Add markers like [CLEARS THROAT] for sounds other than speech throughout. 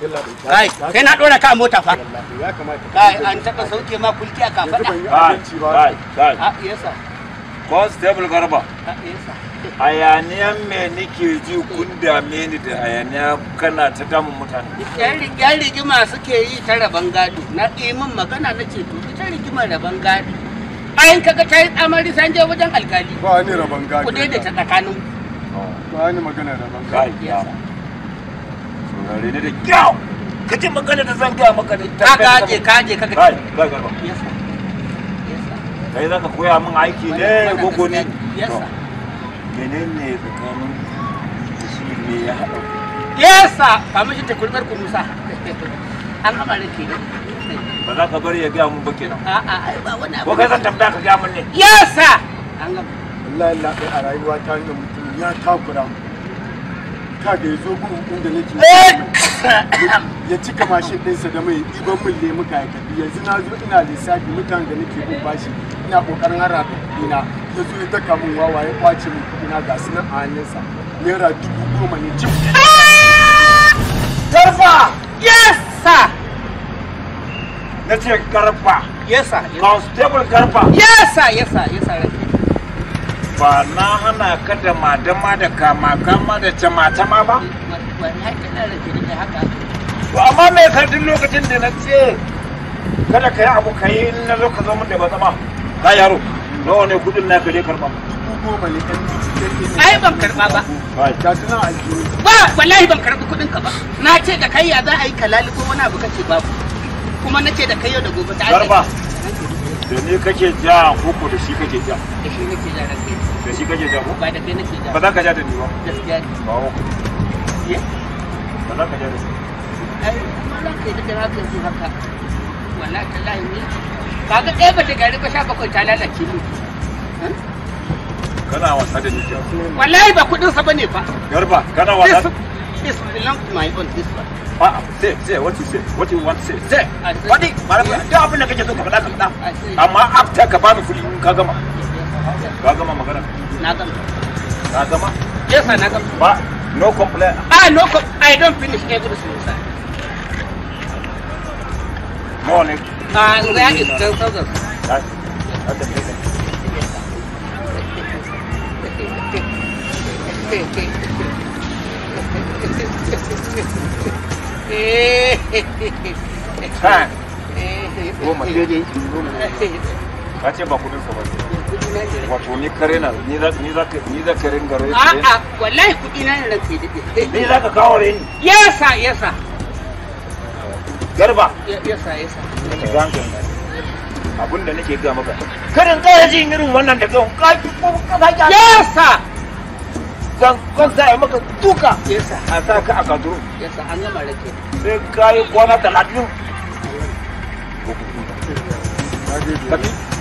Kai, sai na dora ka a mota fa. Ya kamata. Kai, an taba sauke ma kulki a kafaɗa. Kai, kai, kai. Ah, yesa. Constable Garba. Ah, yasa Hayaniyan me nike ji kun dame ni da hayaniya kana ta damun mutane. Yan rigima suke yi ta raban gado. Na ɗi min magana na ce to ta rigima raban gado. Bayan kaga ta yi tsamari san je wajen alkali. Ba ni raban gado. Ku ta tsakanin. Ba ni magana raban gado. Kare ni da kyau. Ka ji magana da zan gaya maka da ita. Ka kaje kaje ka kaje. Kai garba. Yes sir. Yes sir. Kai zaka koya min aiki ne gogo ne. Yes sir. Menene tsakanin shi ne ya haɗa? Yes sir. Ka mishi ta kulmar ku Musa. [LAUGHS] An haɓa rake. Ba za ka bari ya gaya mun ba kenan. A'a, ba wani abu. Ko kai zan tambaya ka gaya mun ne? Yes sir. An gaba. Allah ya lafiya a rayuwa ta hanyar mutum ya takura mu. da ya zo gun inda nake eh! ya cika mashin ɗinsa da mai ɗiban min muka ya tafi yanzu na zo ina lissafi mutanen da nake bin bashi ina ƙoƙarin hara da kuɗina ya zo ya taka min wawa ya ƙwace min kuɗina ga su nan a hannunsa naira dubu goma ne jim. Tarfa! Yes, sir! Na ce garba. Yes, sir. Constable garba. Yes, sir, yes, sir, yes, sir. ba na hana ka da madama da kama kama da tama-tama ba? To amma me ka duk lokacin da na ce kada ka yi abu ka yi in na zo ka zo min da ba zama ka yaro nawa ne kudin na gare karba. Ai ban karba ba. Ba wallahi ban karbi kudin ka ba. Na ce da kai ya za a yi kalali ko wani abu kace babu. Kuma na ce da kai yau da gobe ta Garba. da ni kake ja ko ko da shi kake ja da shi nake ja da da shi kake da ka da ni ba gaskiya ne ba wa ka ja da da ka hmm? wallahi ba ba kudin sa bane fa garba kana wasa this belong to my own this one a'a ah, say say what you say what you want to say say wani mara da abin da kake so ka faɗa ka faɗa amma after ka bani kuɗi ka gama ka yes sir ba no complaint ah no i don't finish everything sir morning ah uh, that is 10000 that's that's the thing Time. ce ba kudin sa wato ni kare na ni za ni za ni za kare ga rai a'a wallahi kudi na ne ran ke dade ni za ka kawo rai ni yasa yasa garba yasa yasa ni gangan abin da nake ga maka karin kare jin irin wannan da kan ka ki ko ka ga yasa zan zan sai maka duka yasa a sa ka a kaduru yasa an gama rake sai kai kwana 30 Thank you.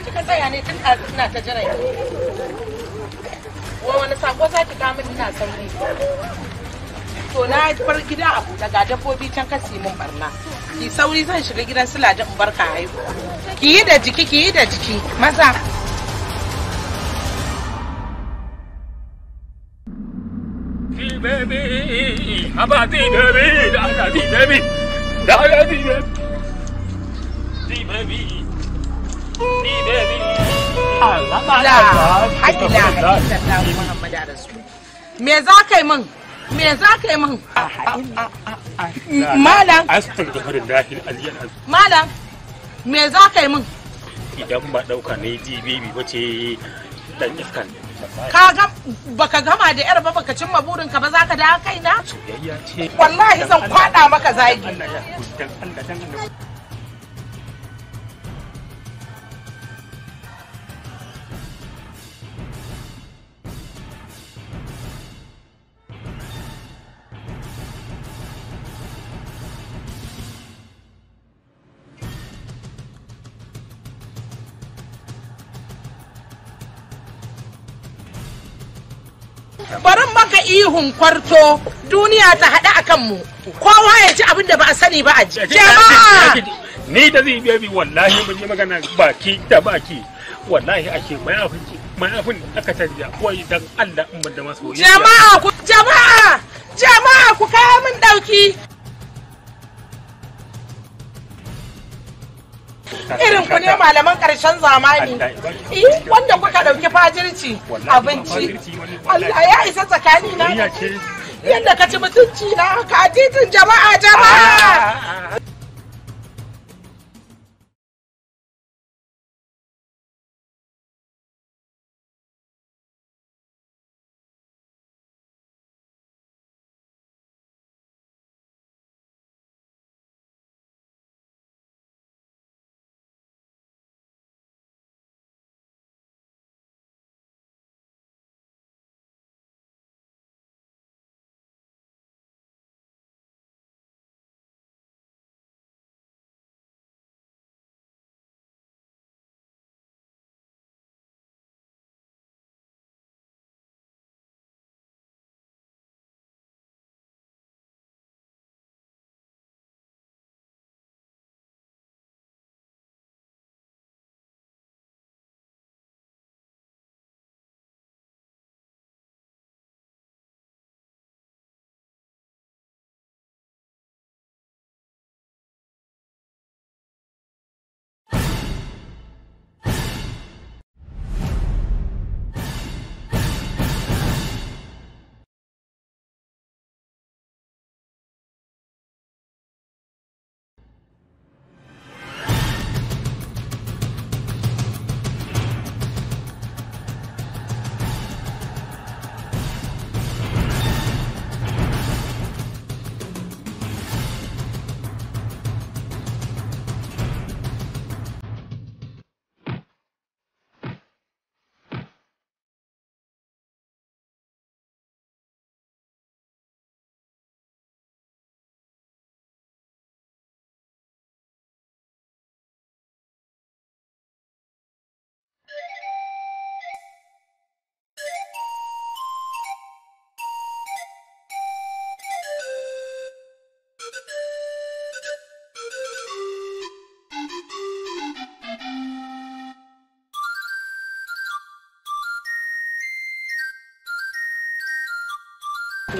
ina kika tsaya ne tun ɗazu ina ta jira wani sako za ki ina sauri. To na bar gida a buɗe dabbobi can kasi mun barna. Ki sauri zan shiga gidan sulajen in barka haihu. Ki yi da jiki ki yi da jiki maza. Baby, how about the baby? The baby, the baby. Me za ka yi min? Me za ka yi min? Malam. Malam. Me za ka yi min? Idan ba ɗauka ne ji baby wace dan iskan. Ka ga baka gama da yar ba baka cimma burinka ka ba za ka dawo kaina? Wallahi zan kwaɗa maka zagi. ihun kwarto duniya ta haɗu a kanmu kowa ya ji abin da ba a sani ba a jama'a ni da zai biya wallahi mun yi magana baki da baki wallahi ake mayafin mayafin aka canja wai dan Allah in da masoyi jama'a ku jama'a jama'a ku kawo min dauki irin ku ne malaman karshen zamani eh, wanda kuka dauki fajirci abinci Allah ya isa tsakani na yadda ka ci mutunci na ka titin jama'a jama'a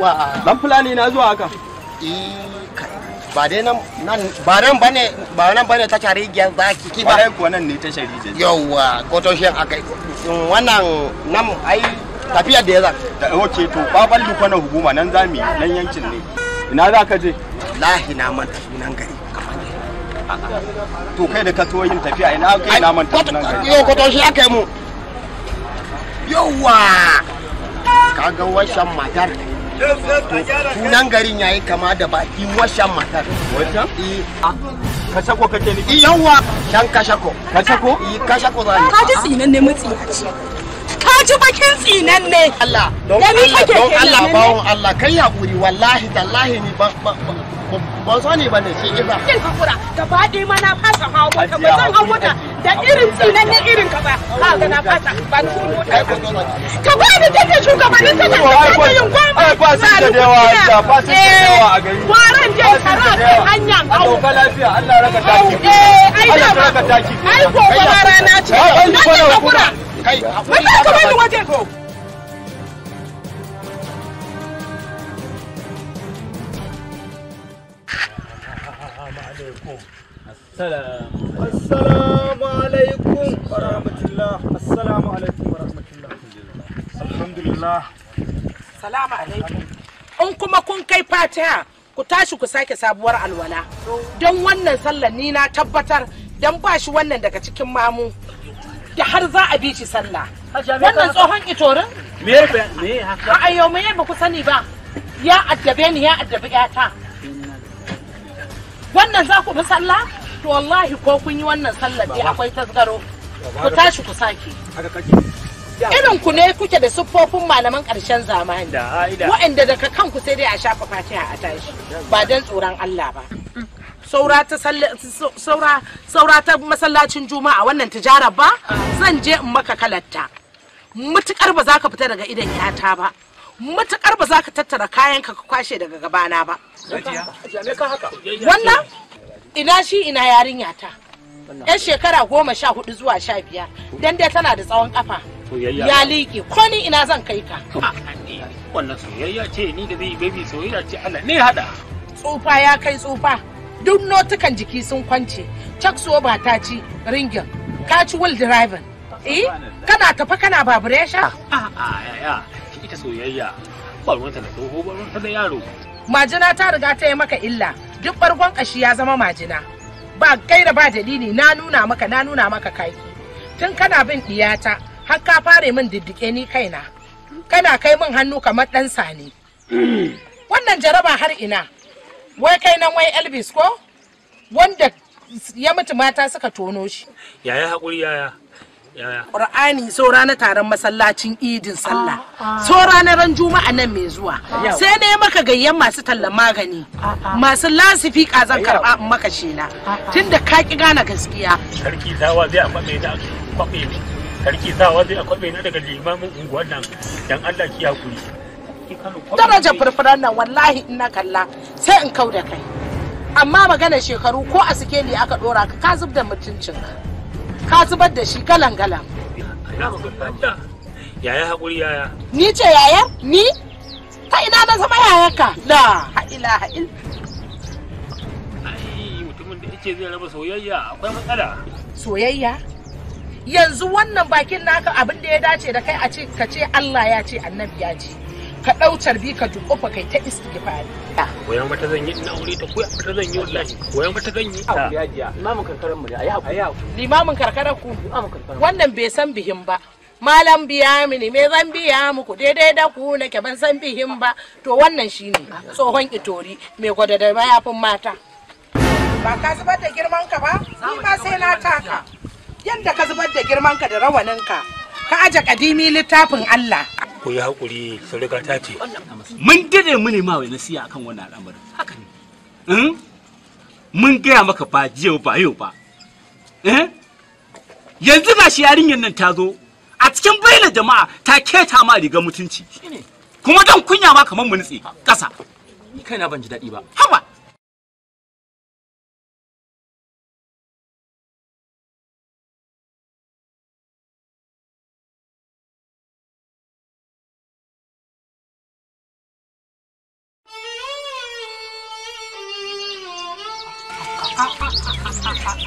yawa dan fulani na zuwa haka eh, ba dai nan ba nan bane ba nan bane ta shari'a zaki ki ba ko nan ne ta shari'a yawa ko to shi aka wannan nan ai tafiyar da ya zan da oke to babal duka na hukuma nan zami nan yankin ne ina za ka je lahi na manta sunan gari to kai da ka to yin tafiya ina kai na manta sunan gari yau ko to shi aka mu yawa kaga wancan matar nan garin yayi kama da baki washan matar. washan Wacan? E, kashako kake nufi? Yawa! Shan kashako. Kashako? E, kashako zai. Ka ji tsinan ne mutsi a matsiyaci. ji bakin tsinan ne. Allah, don Allah, don Allah bawon Allah, kai haƙuri wallahi tallahi ne ba ba, ba, ne ba ne shi ba, Yin hakura, gaba ba, ma na fasa hawa mota, ba zan hau mota da irin tsinan ne irin ka ba, ka ga na fasa ba ni kuma mota. Ka ba ni take shugabannin ta da ka ba yin goma. Ai ba sun da yawa, da ba sun da yawa a gari. Waran jan tsaro a kan hanya. Allah ka lafiya, Allah raka taki. Eh, ai da ba. Ai gobe rana ce. Ai an ji fara hakura. kai hakuri ka bani waje to Assalamu alaikum wa rahmatullah. Assalamu alaikum wa rahmatullah. Alhamdulillah. Salamu alaikum. In kuma kun kai fatiha ku tashi ku sake sabuwar alwala. Don wannan sallar ni na tabbatar don ba shi wannan daga cikin mamu. da har za a bi shi sallah wannan tsohon itorin me me haka a yau me ba ku sani ba ya addabe ni ya addabi yata wannan za ku bi sallah to wallahi ko kun yi wannan sallah dai akwai tasgaro ku tashi ku sake irin ku ne kuke da siffofin malaman ƙarshen zamani wa'anda daga kanku sai dai a shafa fatiha a tashi ba don tsoron Allah ba mm. saura ta saura saura ta masallacin juma'a wannan tijara ba zan je in maka kalatta mutukar ba za ka fita daga idan yata ba matukar ba za ka tattara kayan ka kwashe daga gabana ba wannan ina shi ina yarinya ta yan shekara goma sha hudu zuwa sha biyar dan dai tana da tsawon kafa ya liƙe ko ni ina zan kai ka wannan soyayya ce ni da zai baby soyayya ce Allah ne hada tsufa ya kai tsufa duk notukan jiki sun kwance so soba ta ci ringin ka ci wheel driving eh kana tafa kana vibration a a ita soyayya ba ruwanta da dogo ba ta da yaro majina ta riga ta yi maka illa duk bargon kashi ya zama majina ba gaira ba dalili na nuna maka na nuna maka kai tun kana bin diyata har ka fare min diddike ni kaina kana kai min hannu kamar dan sani [CLEARS THROAT] wannan jaraba har ina wai kai nan wai elvis ko wanda ya mutu mata suka tono shi yaya hakuri yaya Ƙur'ani so ranar taron masallacin idin sallah ah, ah. so ranar juma'a nan mai zuwa sai ne maka gayyan masu tallan magani ah, masu lasifi kazan karɓa in maka shela tunda ka ki gane gaskiya sarki zawa zai a mai da kwabe sarki zawa zai kwabe na daga limamin unguwar nan dan Allah ki hakuri Daraja furfuran nan wallahi in na kalla sai in kau da kai amma magana shekaru ko a sikeli aka dora ka ka zubda da ka ka zubar da shi galan galan yaya hakuri yaya ni ce yaya ni ta ina na zama yayarka la ha'ila ha'il mutumin da yake zai raba soyayya akwai matsala soyayya yanzu wannan bakin naka abin da ya dace da kai a ce ka ce Allah ya ce annabi ya ce ka ɗau carbi ka duƙufa kai ta istighfari wayan ah. wata zan yi ina aure ta ko wata zan yi wallahi wayan wata zan yi limamin karkaran mu ne ayi hakuri limamin karkaran ku wannan bai san bihin ba malam biya mini me zan biya muku daidai da ku nake ban san bihin ba to wannan shine tsohon itori mai gwada da mayafin mata ba ka zubar da girman ka ba ni ma sai na taka yanda ka zubar da girman ka da rawanin ka ka aje kadimi littafin Allah ku yi haƙuri riga ta ce mun dade mu ne ma wai nasiya akan wannan al'amarin haka ne hmm? mun gaya maka ba jiya ba yau ba hmm? yanzu ga shi yarinyar nan ta zo a cikin bayyana jama'a ta keta ma riga mutunci kuma don kunya ma kamar mu nutse ƙasa ni kaina ban ji daɗi ba haba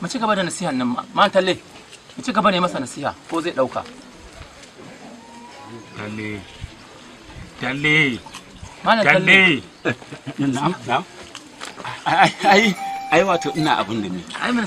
ma ci gaba da nasiha nan ma talle ma ci gaba ne masa nasiha ko zai dauka talle talle mana talle na'am na'am ai ai wato ina abin da ne ai mun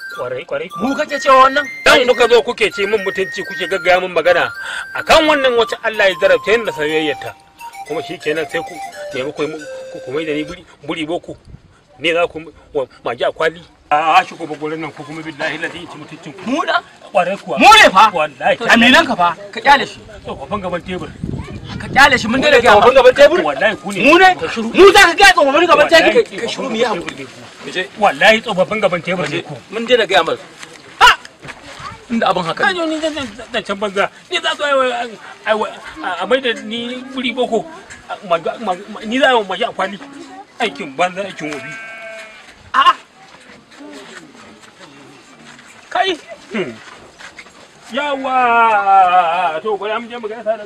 kwarai kwarai mu ka kake cewa wannan dan kuka zo kuke ce min mutunci kuke gaggaya min magana akan wannan wacce Allah ya zarabta ni da sayayyarta kuma shikenan sai ku nemi ku ku kuma da ni buri buri boku ne za ku magi a kwali a shi ko bagoren nan ko kuma billahi la zai ci ku. mu da kwarai kuwa mu ne fa wallahi aminan ka fa ka kyale shi to gaban tebur ka kyale shi mun dai ga abin gaban tebur wallahi ku ne mu ne mu za ka ga tsofaffin gaban tebur ka shiru mu yi hakuri wallahi gaban tebur ne ku mun dai ga mal inda abin haka ne ni da can banza ni za su aiwa a mai da ni boko ni za a yi mashi a kwali aikin banza aikin wobi a'a kai hmm. yawa to bari je mu gaisa da